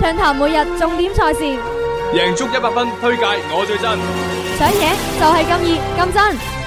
暢談每日重點賽事，贏足一百分，推介我最真，想贏就係咁易咁真。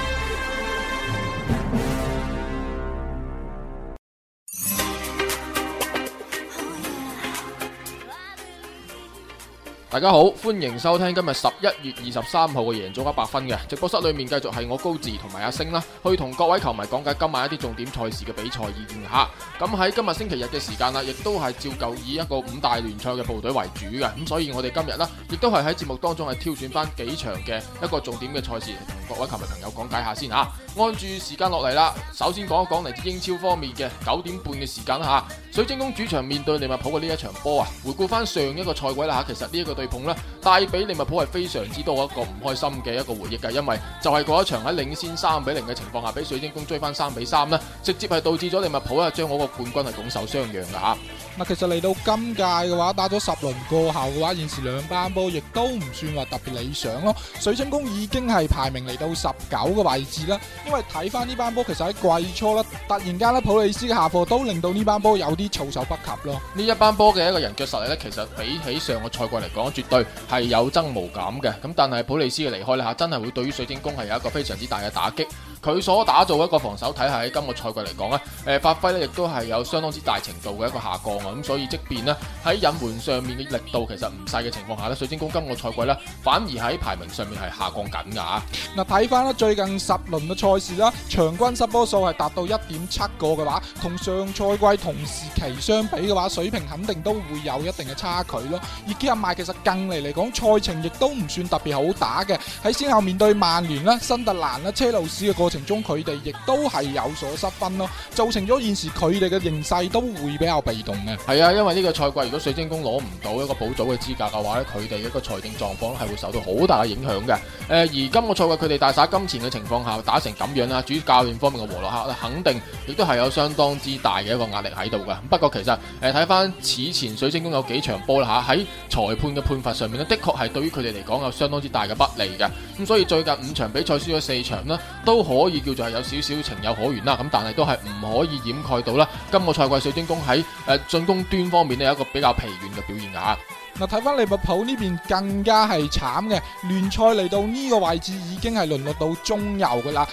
大家好，歡迎收聽今日十一月二十三號嘅贏足一百分嘅直播室裏面，繼續係我高志同埋阿星啦，去同各位球迷講解今晚一啲重點賽事嘅比賽意見吓。咁喺今日星期日嘅時間啦，亦都係照舊以一個五大聯賽嘅部隊為主嘅，咁所以我哋今日啦，亦都係喺節目當中係挑選翻幾場嘅一個重點嘅賽事。各位球迷朋友，講解下先吓，按住時間落嚟啦。首先講一講嚟自英超方面嘅九點半嘅時間吓，水晶宮主場面對利物浦嘅呢一場波啊。回顧翻上一個賽季啦吓，其實呢一個對碰咧，帶俾利物浦係非常之多一個唔開心嘅一個回憶噶，因為就係嗰一場喺領先三比零嘅情況下，俾水晶宮追翻三比三咧，3, 直接係導致咗利物浦啊將嗰個冠軍係拱手相讓噶吓。嗱，其實嚟到今屆嘅話，打咗十輪過後嘅話，現時兩班波亦都唔算話特別理想咯。水晶宮已經係排名嚟到十九個位置啦。因為睇翻呢班波，其實喺季初啦，突然間咧，普利斯嘅下課都令到呢班波有啲措手不及咯。呢一班波嘅一個人腳實力咧，其實比起上個賽季嚟講，絕對係有增無減嘅。咁但係普利斯嘅離開咧，吓真係會對於水晶宮係有一個非常之大嘅打擊。佢所打造一個防守體系，今個賽季嚟講咧，誒、呃、發揮呢亦都係有相當之大程度嘅一個下降啊，咁、嗯、所以即便呢喺引援上面嘅力度其實唔細嘅情況下，水晶宮今個賽季咧反而喺排名上面係下降緊㗎嗱，睇翻最近十輪嘅賽事啦，場均失波數係達到一點七個嘅話，同上賽季同時期相比嘅話，水平肯定都會有一定嘅差距咯。而基亞麥其實近嚟嚟講，賽程亦都唔算特別好打嘅，喺先後面對曼聯啦、新特蘭啦、車路士嘅過程中佢哋亦都係有所失分咯，造成咗現時佢哋嘅形勢都會比較被動嘅。係啊，因為呢個賽季如果水晶宮攞唔到一個補組嘅資格嘅話咧，佢哋嘅一個財政狀況係會受到好大嘅影響嘅。誒，而今個賽季佢哋大灑金錢嘅情況下打成咁樣啦，主教練方面嘅和洛克肯定亦都係有相當之大嘅一個壓力喺度噶。不過其實誒睇翻此前水晶宮有幾場波啦吓，喺裁判嘅判罰上面呢，的確係對於佢哋嚟講有相當之大嘅不利嘅。咁所以最近五場比賽輸咗四場啦，都可。可以叫做係有少少情有可原啦，咁但係都係唔可以掩蓋到啦，今個賽季水晶宮喺誒進攻端方面呢，有一個比較疲軟嘅表現㗎。嗱，睇翻利物浦呢邊更加係慘嘅，聯賽嚟到呢個位置已經係淪落到中游噶啦。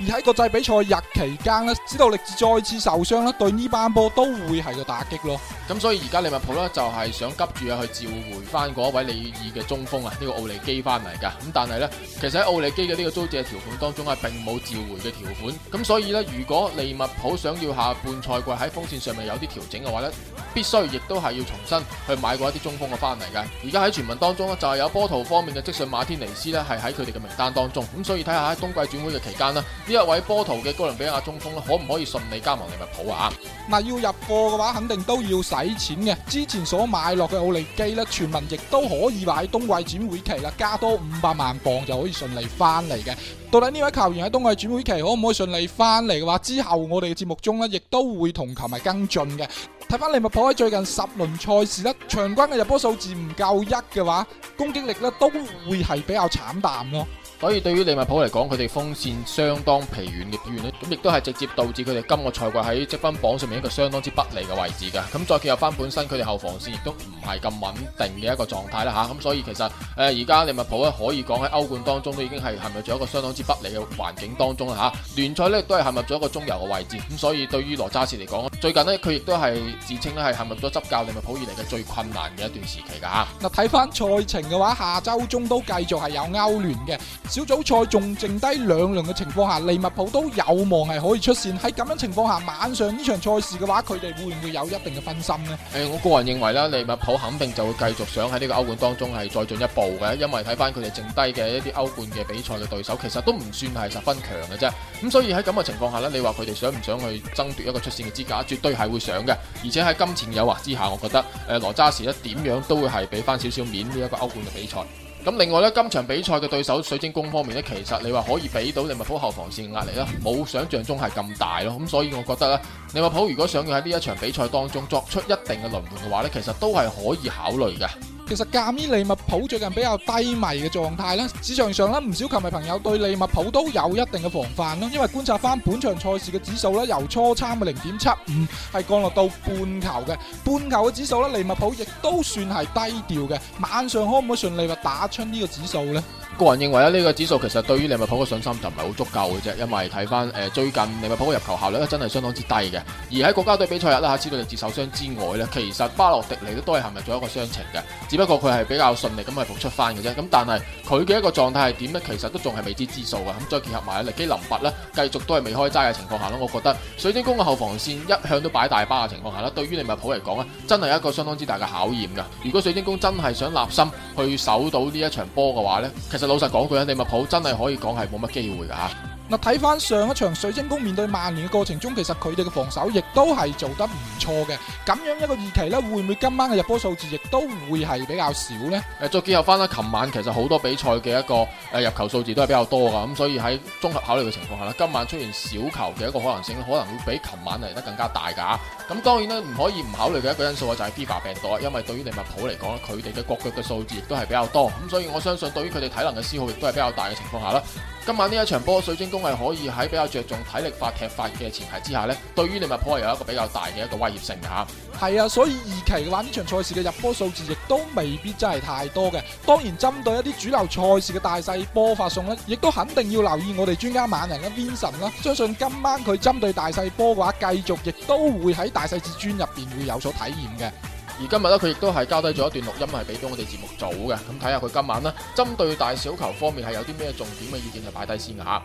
而喺國際比賽日期間咧，知道力志再次受傷咧，對呢班波都會係個打擊咯。咁所以而家利物浦咧就係想急住啊去召回翻嗰一位利爾嘅中鋒啊，呢個奧利基翻嚟噶。咁但係咧，其實喺奧利基嘅呢個租借條款當中啊，並冇召回嘅條款。咁所以咧，如果利物浦想要下半賽季喺鋒綫上面有啲調整嘅話咧，必須亦都係要重新去買過一啲中鋒嘅翻而家喺傳聞當中咧，就係有波圖方面嘅積遜馬天尼斯咧，係喺佢哋嘅名單當中，咁所以睇下喺冬季轉會嘅期間咧，呢一位波圖嘅哥倫比亞中鋒咧，可唔可以順利加盟利物浦啊？嗱，要入貨嘅話，肯定都要使錢嘅。之前所買落嘅奧利基呢，傳聞亦都可以話喺冬季轉會期啦，加多五百萬鎊就可以順利翻嚟嘅。到底呢位球員喺冬季轉會期可唔可以順利翻嚟嘅話，之後我哋嘅節目中呢，亦都會同球迷跟進嘅。睇返利物浦喺最近十輪賽事呢，場均嘅入波數字唔夠一嘅話，攻擊力呢都會係比較慘淡咯。所以對於利物浦嚟講，佢哋鋒線相當疲軟嘅表現咧，咁亦都係直接導致佢哋今個賽季喺積分榜上面一個相當之不利嘅位置嘅。咁再結合翻本身佢哋後防線亦都唔係咁穩定嘅一個狀態啦，吓，咁所以其實誒而家利物浦咧可以講喺歐冠當中都已經係陷入咗一個相當之不利嘅環境當中啦，吓、啊、聯賽咧都係陷入咗一個中游嘅位置。咁所以對於羅渣士嚟講，最近呢佢亦都係自稱咧係陷入咗執教利物浦以嚟嘅最困難嘅一段時期噶吓。嗱睇翻賽程嘅話，下周中都繼續係有歐聯嘅。小組賽仲剩低兩輪嘅情況下，利物浦都有望係可以出線。喺咁樣情況下，晚上呢場賽事嘅話，佢哋會唔會有一定嘅分心呢？誒、欸，我個人認為呢，利物浦肯定就會繼續想喺呢個歐冠當中係再進一步嘅，因為睇翻佢哋剩低嘅一啲歐冠嘅比賽嘅對手，其實都唔算係十分強嘅啫。咁所以喺咁嘅情況下咧，你話佢哋想唔想去爭奪一個出線嘅資格，絕對係會想嘅。而且喺金錢誘惑之下，我覺得誒羅渣士咧點樣都會係俾翻少少面呢一、這個歐冠嘅比賽。咁另外咧，今場比賽嘅對手水晶宮方面咧，其實你話可以俾到利物浦後防線壓力啦，冇想象中係咁大咯。咁所以我覺得咧，利物浦如果想要喺呢一場比賽當中作出一定嘅輪換嘅話咧，其實都係可以考慮嘅。其實鑒於利物浦最近比較低迷嘅狀態呢，市場上咧，唔少球迷朋友對利物浦都有一定嘅防範咯，因為觀察翻本場賽事嘅指數呢，由初參嘅零點七五係降落到半球嘅，半球嘅指數呢，利物浦亦都算係低調嘅，晚上可唔可以順利話打出呢個指數呢？個人認為咧，呢個指數其實對於利物浦嘅信心就唔係好足夠嘅啫，因為睇翻誒最近利物浦嘅入球效率咧，真係相當之低嘅。而喺國家隊比賽日啦，哈，除咗佢嘅手傷之外咧，其實巴洛迪尼都都係陷入咗一個傷情嘅，只不過佢係比較順利咁係復出翻嘅啫。咁但係佢嘅一個狀態係點咧，其實都仲係未知之數嘅。咁再結合埋力基林拔咧，繼續都係未開齋嘅情況下啦。我覺得水晶宮嘅後防線一向都擺大巴嘅情況下啦，對於利物浦嚟講咧，真係一個相當之大嘅考驗㗎。如果水晶宮真係想立心去守到呢一場波嘅話咧，其實老實講句啊，利物浦真係可以講係冇乜機會㗎吓。嗱，睇翻上一場水晶宮面對曼聯嘅過程中，其實佢哋嘅防守亦都係做得唔錯嘅。咁樣一個預期咧，會唔會今晚嘅入波數字亦都會係比較少呢？誒，再結合翻啦，琴晚其實好多比賽嘅一個誒入球數字都係比較多噶，咁所以喺綜合考慮嘅情況下呢，今晚出現小球嘅一個可能性可能會比琴晚嚟得更加大噶。咁當然咧，唔可以唔考慮嘅一個因素就係 FIFA 病毒，因為對於利物浦嚟講，佢哋嘅國腳嘅數字亦都係比較多，咁所以我相信對於佢哋體能嘅消耗亦都係比較大嘅情況下啦。今晚呢一場波水晶宮係可以喺比較着重體力化踢法嘅前提之下呢，對於利物浦係有一個比較大嘅一個威脅性嘅吓。係啊，所以二期嘅話，呢場賽事嘅入波數字亦都未必真係太多嘅。當然針對一啲主流賽事嘅大細波發送呢，亦都肯定要留意我哋專家猛人嘅 Vincent 啦，相信今晚佢針對大細波嘅話，繼續亦都會喺大細字專入邊會有所體驗嘅。而今日咧，佢亦都係交低咗一段錄音，係俾到我哋節目組嘅。咁睇下佢今晚呢，針對大小球方面係有啲咩重點嘅意見，就擺低先嚇。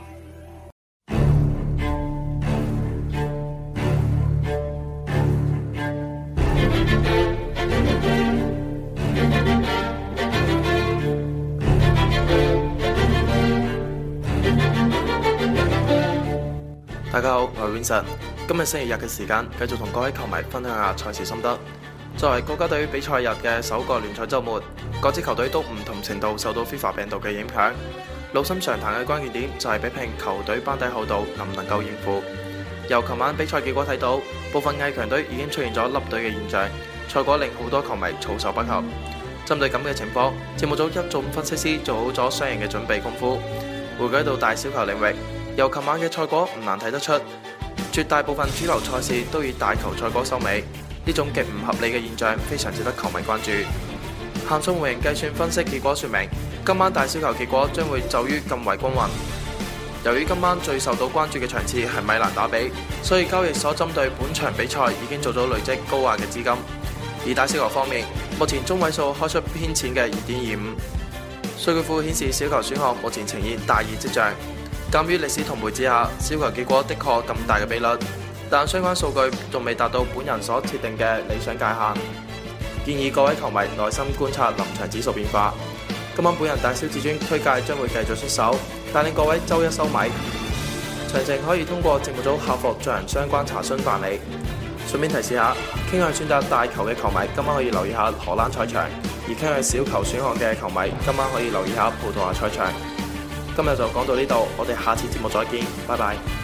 大家好，我係 Vincent，今日星期日嘅時間，繼續同各位球迷分享下賽事心得。作為國家隊比賽日嘅首個聯賽週末，各支球隊都唔同程度受到 FIFA 病毒嘅影響。老生常談嘅關鍵點就係比拼球隊班底厚度，能唔能夠應付？由琴晚比賽結果睇到，部分偽強隊已經出現咗凹隊嘅現象，賽果令好多球迷措手不及。針對咁嘅情況，節目組一眾分析師做好咗相應嘅準備功夫。回歸到大小球領域，由琴晚嘅賽果唔難睇得出，絕大部分主流賽事都以大球賽果收尾。呢種極唔合理嘅現象非常值得球迷關注。限倉模型計算分析結果說明，今晚大小球結果將會走於更為均勻。由於今晚最受到關注嘅場次係米蘭打比，所以交易所針對本場比賽已經做咗累積高壓嘅資金。而大小球方面，目前中位數開出偏淺嘅二點二五。數據庫顯示小球選項目前呈現大熱跡象。鑒於歷史同賠之下，小球結果的確有咁大嘅比率。但相關數據仲未達到本人所設定嘅理想界限，建議各位球迷耐心觀察臨場指數變化。今晚本人大小至尊推介將會繼續出手，帶領各位周一收米。詳情可以通過節目組客服進行相關查詢辦理。順便提示下，傾向選擇大球嘅球迷今晚可以留意下荷蘭賽場，而傾向小球選項嘅球迷今晚可以留意下葡萄牙賽場。今日就講到呢度，我哋下次節目再見，拜拜。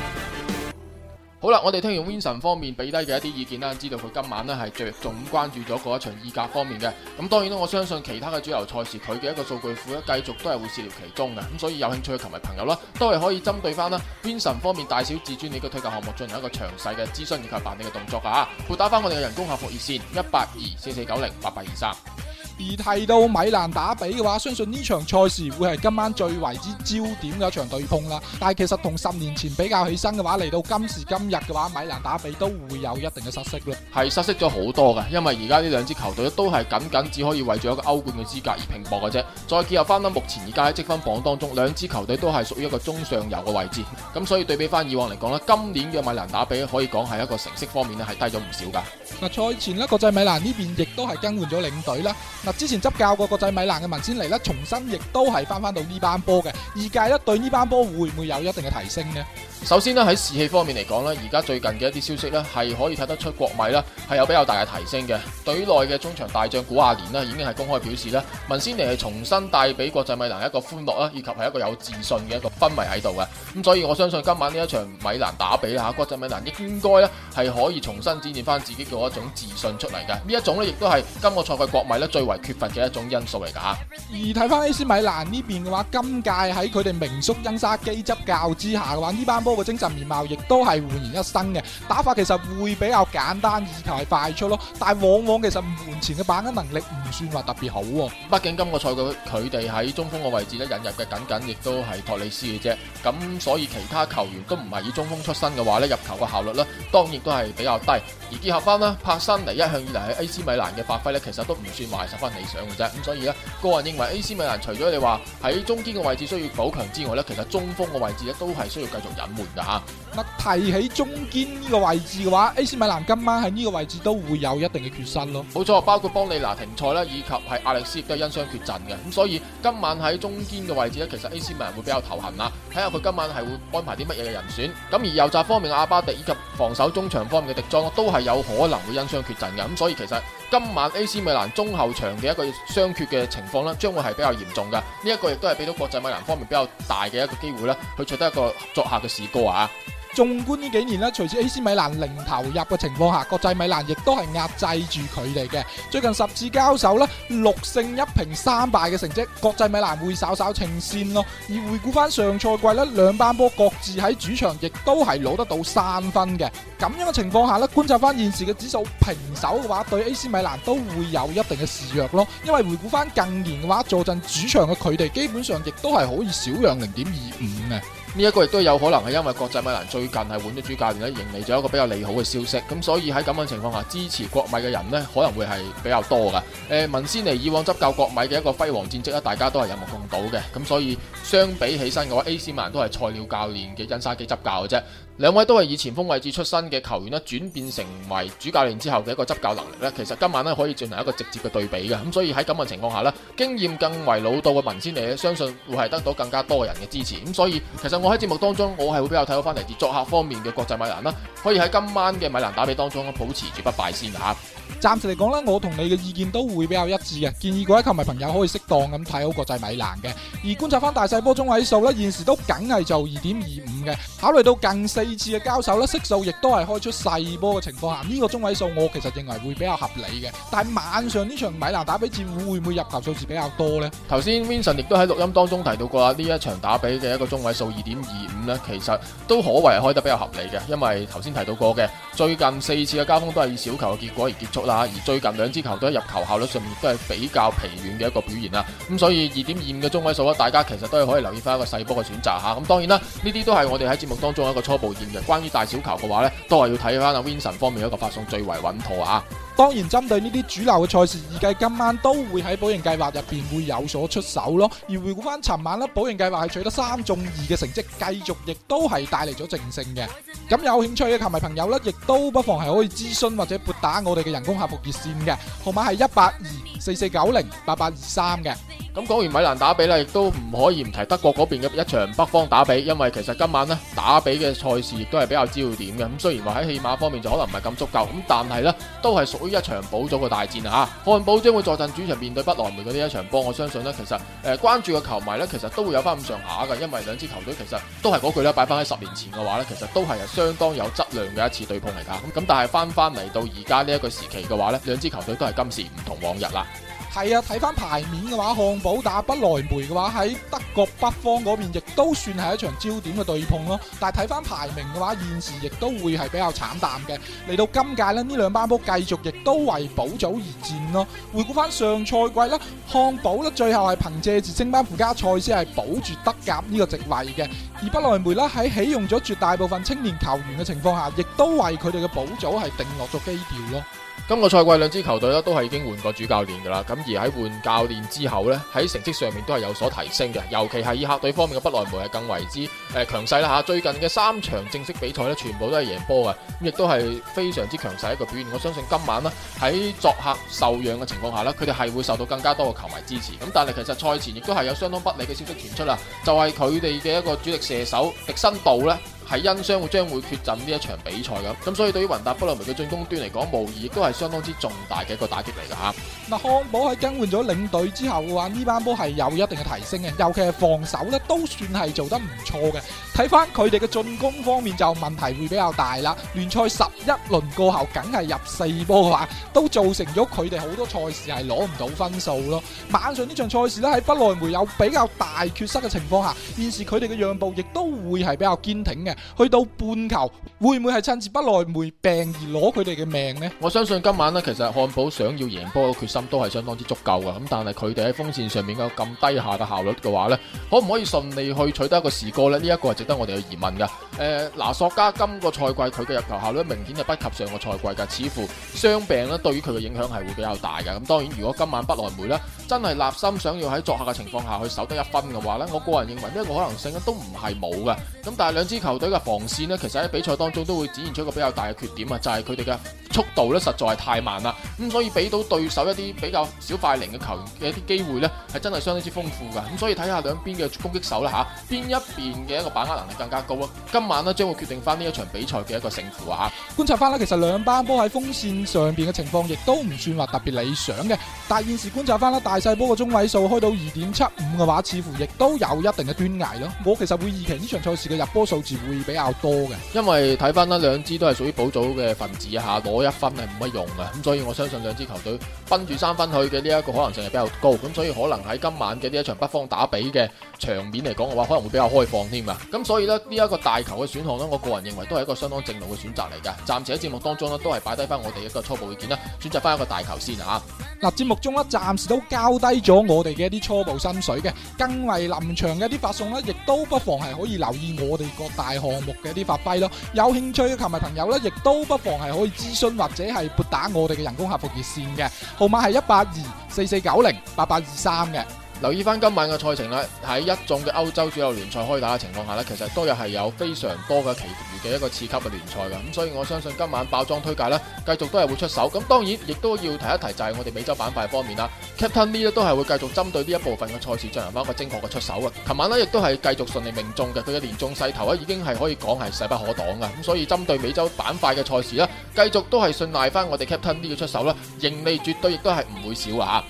好啦，我哋聽完 Vincent 方面俾低嘅一啲意見啦，知道佢今晚呢係着重關注咗嗰一場意甲方面嘅。咁當然啦，我相信其他嘅主流賽事佢嘅一個數據庫咧，繼續都係會涉獵其中嘅。咁所以有興趣嘅球迷朋友啦，都係可以針對翻啦 Vincent 方面大小至尊你嘅推介項目進行一個詳細嘅諮詢以及辦理嘅動作㗎。撥打翻我哋嘅人工客服熱線一八二四四九零八八二三。而提到米蘭打比嘅話，相信呢場賽事會係今晚最為之焦點嘅一場對碰啦。但係其實同十年前比較起身嘅話，嚟到今時今日嘅話，米蘭打比都會有一定嘅失色啦。係失色咗好多噶，因為而家呢兩支球隊都係僅僅只可以為咗一個歐冠嘅資格而拼搏嘅啫。再結合翻啦，目前而家喺積分榜當中，兩支球隊都係屬於一個中上游嘅位置。咁所以對比翻以往嚟講啦，今年嘅米蘭打比可以講係一個成績方面咧係低咗唔少噶。嗱，賽前呢國際米蘭呢邊亦都係更換咗領隊啦。之前執教過國際米蘭嘅文仙尼咧，重新亦都係翻翻到呢班波嘅二屆一對呢班波會唔會有一定嘅提升呢？首先咧喺士氣方面嚟講咧，而家最近嘅一啲消息咧係可以睇得出國米咧係有比較大嘅提升嘅。隊內嘅中場大將古亞連咧已經係公開表示咧，文仙尼係重新帶俾國際米蘭一個歡樂啦，以及係一個有自信嘅一個氛圍喺度嘅。咁所以我相信今晚呢一場米蘭打比啦，國際米蘭應該咧係可以重新展現翻自己嘅一種自信出嚟嘅。呢一種咧亦都係今個賽季國米咧最為。缺乏嘅一種因素嚟噶吓，而睇翻 AC 米蘭呢邊嘅話，今屆喺佢哋名宿恩沙基執教之下嘅話，呢班波嘅精神面貌亦都係煥然一新嘅，打法其實會比較簡單，而係快速咯，但係往往其實門前嘅把握能力。算話特別好喎，畢竟今個賽季佢哋喺中鋒嘅位置咧引入嘅僅僅亦都係托里斯嘅啫，咁所以其他球員都唔係以中鋒出身嘅話咧入球嘅效率咧當然都係比較低，而結合翻啦，帕森尼一向以嚟，喺 AC 米蘭嘅發揮咧其實都唔算話係十分理想嘅啫，咁所以咧個人認為 AC 米蘭除咗你話喺中堅嘅位置需要補強之外咧，其實中鋒嘅位置咧都係需要繼續隱瞞嘅吓。嗱，提起中堅呢個位置嘅話，AC 米蘭今晚喺呢個位置都會有一定嘅決心咯。冇錯，包括邦里拿停賽以及係阿歷斯亦都係因傷缺陣嘅，咁所以今晚喺中堅嘅位置咧，其實 AC 米蘭會比較頭痕啦。睇下佢今晚係會安排啲乜嘢嘅人選。咁而右閘方面嘅阿巴迪以及防守中場方面嘅迪莊都係有可能會因傷缺陣嘅，咁所以其實今晚 AC 米蘭中後場嘅一個傷缺嘅情況呢，將會係比較嚴重噶。呢一個亦都係俾到國際米蘭方面比較大嘅一個機會咧，佢取得一個作客嘅士哥啊。縱觀呢幾年呢，隨住 AC 米蘭零投入嘅情況下，國際米蘭亦都係壓制住佢哋嘅。最近十次交手呢，六勝一平三敗嘅成績，國際米蘭會稍稍稱先咯。而回顧翻上賽季呢兩班波各自喺主場亦都係攞得到三分嘅。咁樣嘅情況下呢，觀察翻現時嘅指數平手嘅話，對 AC 米蘭都會有一定嘅示弱咯。因為回顧翻近年嘅話，坐鎮主場嘅佢哋基本上亦都係可以少讓零點二五嘅。呢一個亦都有可能係因為國際米蘭最近係換咗主教練咧，迎嚟咗一個比較利好嘅消息，咁所以喺咁樣情況下，支持國米嘅人呢可能會係比較多噶。誒、呃，文仙尼以往執教國米嘅一個輝煌戰績呢，大家都係有目共睹嘅，咁所以相比起身嘅話，AC 米蘭都係菜鳥教練嘅恩沙基執教嘅啫。兩位都係以前鋒位置出身嘅球員咧，轉變成為主教練之後嘅一個執教能力咧，其實今晚咧可以進行一個直接嘅對比嘅。咁所以喺咁嘅情況下咧，經驗更為老道嘅文仙尼，相信會係得到更加多人嘅支持。咁所以其實我喺節目當中，我係會比較睇好翻嚟自作客方面嘅國際米蘭啦。可以喺今晚嘅米蘭打比當中保持住不敗先嚇。暫時嚟講啦，我同你嘅意見都會比較一致嘅，建議各位球迷朋友可以適當咁睇好國際米蘭嘅。而觀察翻大細波中位數咧，現時都梗係做二點二五嘅，考慮到更細。次嘅交手呢色數亦都係開出細波嘅情況下，呢個中位數我其實認為會比較合理嘅。但係晚上呢場米蘭打比戰會唔會入球數字比較多呢？頭先 Vincent 亦都喺錄音當中提到過啦呢一場打比嘅一個中位數二點二五呢，其實都可謂係開得比較合理嘅，因為頭先提到過嘅最近四次嘅交鋒都係以小球嘅結果而結束啦。而最近兩支球隊入球效率上面亦都係比較疲軟嘅一個表現啦。咁所以二點二五嘅中位數咧，大家其實都係可以留意翻一個細波嘅選擇吓。咁當然啦，呢啲都係我哋喺節目當中一個初步。關於大小球嘅話呢，都係要睇翻阿 Vincent 方面一個發送最為穩妥啊！當然，針對呢啲主流嘅賽事，預計今晚都會喺保贏計劃入邊會有所出手咯。而回顧翻尋晚咧，保贏計劃係取得三中二嘅成績，繼續亦都係帶嚟咗正勝嘅。咁有興趣嘅球迷朋友呢，亦都不妨係可以諮詢或者撥打我哋嘅人工客服熱線嘅號碼係一八二四四九零八八二三嘅。咁講完米蘭打比咧，亦都唔可以唔提德國嗰邊嘅一場北方打比，因為其實今晚呢，打比嘅賽事亦都係比較焦點嘅。咁雖然話喺戲碼方面就可能唔係咁足夠，咁但係呢，都係屬於一場補咗嘅大戰啊！吓，漢堡將會坐鎮主場面對不來梅嘅呢一場波，我相信呢，其實誒關注嘅球迷呢，其實都會有翻咁上下㗎。因為兩支球隊其實都係嗰句呢，擺翻喺十年前嘅話呢，其實都係相當有質量嘅一次對碰嚟噶。咁但係翻翻嚟到而家呢一個時期嘅話呢，兩支球隊都係今時唔同往日啦。係啊，睇翻牌面嘅話，漢堡打不來梅嘅話，喺德。各北方嗰邊亦都算係一場焦點嘅對碰咯，但係睇翻排名嘅話，現時亦都會係比較慘淡嘅。嚟到今屆呢，呢兩班波繼續亦都為保組而戰咯。回顧翻上賽季咧，漢堡呢最後係憑借住升班附加賽先係保住德甲呢個席位嘅，而不萊梅呢，喺起用咗絕大部分青年球員嘅情況下，亦都為佢哋嘅保組係定落咗基調咯。今個賽季兩支球隊咧都係已經換過主教練噶啦，咁而喺換教練之後呢，喺成績上面都係有所提升嘅。尤其係以客隊方面嘅不萊梅係更為之誒，強勢啦嚇！最近嘅三場正式比賽咧，全部都係贏波嘅，咁亦都係非常之強勢的一個表現。我相信今晚啦，喺作客受讓嘅情況下咧，佢哋係會受到更加多嘅球迷支持。咁但係其實賽前亦都係有相當不利嘅消息傳出啦，就係佢哋嘅一個主力射手迪辛度咧。係因傷會將會缺陣呢一場比賽咁，咁所以對於雲達不萊梅嘅進攻端嚟講，無疑亦都係相當之重大嘅一個打擊嚟㗎嚇。嗱，漢堡喺更換咗領隊之後嘅話，呢班波係有一定嘅提升嘅，尤其係防守呢，都算係做得唔錯嘅。睇翻佢哋嘅進攻方面就問題會比較大啦。聯賽十一輪過後，梗係入四波嘅話，都造成咗佢哋好多賽事係攞唔到分數咯。晚上呢場賽事呢，喺不萊梅有比較大缺失嘅情況下，現時佢哋嘅讓步亦都會係比較堅挺嘅。去到半球會唔會係趁住不萊梅病而攞佢哋嘅命呢？我相信今晚呢，其實漢堡想要贏波嘅決心都係相當之足夠嘅。咁但係佢哋喺鋒線上面嘅咁低下嘅效率嘅話呢，可唔可以順利去取得一個時過呢？呢、這、一個係值得我哋去疑問嘅。誒，嗱，索加今個賽季佢嘅入球效率明顯係不及上個賽季嘅，似乎傷病咧對於佢嘅影響係會比較大嘅。咁當然，如果今晚不萊梅呢，真係立心想要喺作客嘅情況下去守得一分嘅話呢，我個人認為呢個可能性都唔係冇嘅。咁但係兩支球隊。呢個防線呢，其實喺比賽當中都會展現出一個比較大嘅缺點啊，就係佢哋嘅速度咧實在係太慢啦，咁所以俾到對手一啲比較小快靈嘅球員嘅一啲機會呢，係真係相當之豐富噶。咁所以睇下兩邊嘅攻擊手啦吓，邊一邊嘅一個把握能力更加高啊？今晚呢，將會決定翻呢一場比賽嘅一個勝負啊！觀察翻呢，其實兩班波喺鋒線上邊嘅情況亦都唔算話特別理想嘅，但現時觀察翻呢，大細波嘅中位數開到二點七五嘅話，似乎亦都有一定嘅端倪咯。我其實會預期呢場賽事嘅入波數字會。比較多嘅，因為睇翻啦，兩支都係屬於保組嘅分子啊，吓攞一分係冇乜用嘅，咁所以我相信兩支球隊奔住三分去嘅呢一個可能性係比較高，咁所以可能喺今晚嘅呢一場北方打比嘅場面嚟講嘅話，可能會比較開放添啊，咁所以呢，呢一個大球嘅選項呢，我個人認為都係一個相當正路嘅選擇嚟嘅，暫時喺節目當中呢都係擺低翻我哋一個初步意見啦，選擇翻一個大球先啊。嗱，啊、節目中咧暫時都交低咗我哋嘅一啲初步心水嘅，更為臨場嘅一啲發送呢，亦都不妨係可以留意我哋各大項目嘅一啲發揮咯。有興趣嘅球迷朋友呢，亦都不妨係可以諮詢或者係撥打我哋嘅人工客服熱線嘅，號碼係一八二四四九零八八二三嘅。留意翻今晚嘅賽程啦，喺一眾嘅歐洲主流聯賽開打嘅情況下呢，其實都係係有非常多嘅其餘嘅一個次級嘅聯賽嘅，咁所以我相信今晚爆裝推介呢，繼續都係會出手。咁當然亦都要提一提就係我哋美洲板塊方面啦，Captain Lee 都係會繼續針對呢一部分嘅賽事進行翻一個精確嘅出手嘅。琴晚呢，亦都係繼續順利命中嘅，佢嘅連中勢頭咧已經係可以講係勢不可擋嘅。咁所以針對美洲板塊嘅賽事呢，繼續都係信賴翻我哋 Captain Lee 嘅出手啦，盈利絕對亦都係唔會少啊！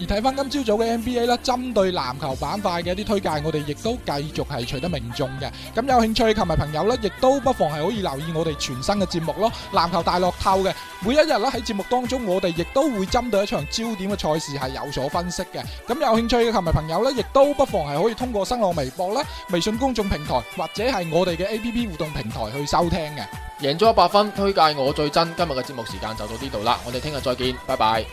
而睇翻今朝早嘅 NBA 啦，針對籃球板塊嘅一啲推介，我哋亦都繼續係取得命中嘅。咁有興趣嘅球迷朋友咧，亦都不妨係可以留意我哋全新嘅節目咯，籃球大樂透嘅。每一日咧喺節目當中，我哋亦都會針對一場焦點嘅賽事係有所分析嘅。咁有興趣嘅球迷朋友咧，亦都不妨係可以通過新浪微博啦、微信公眾平台或者係我哋嘅 APP 互動平台去收聽嘅。贏足 100FUN，推介我最真。今日嘅節目時間就到呢度啦，我哋聽日再見，拜拜。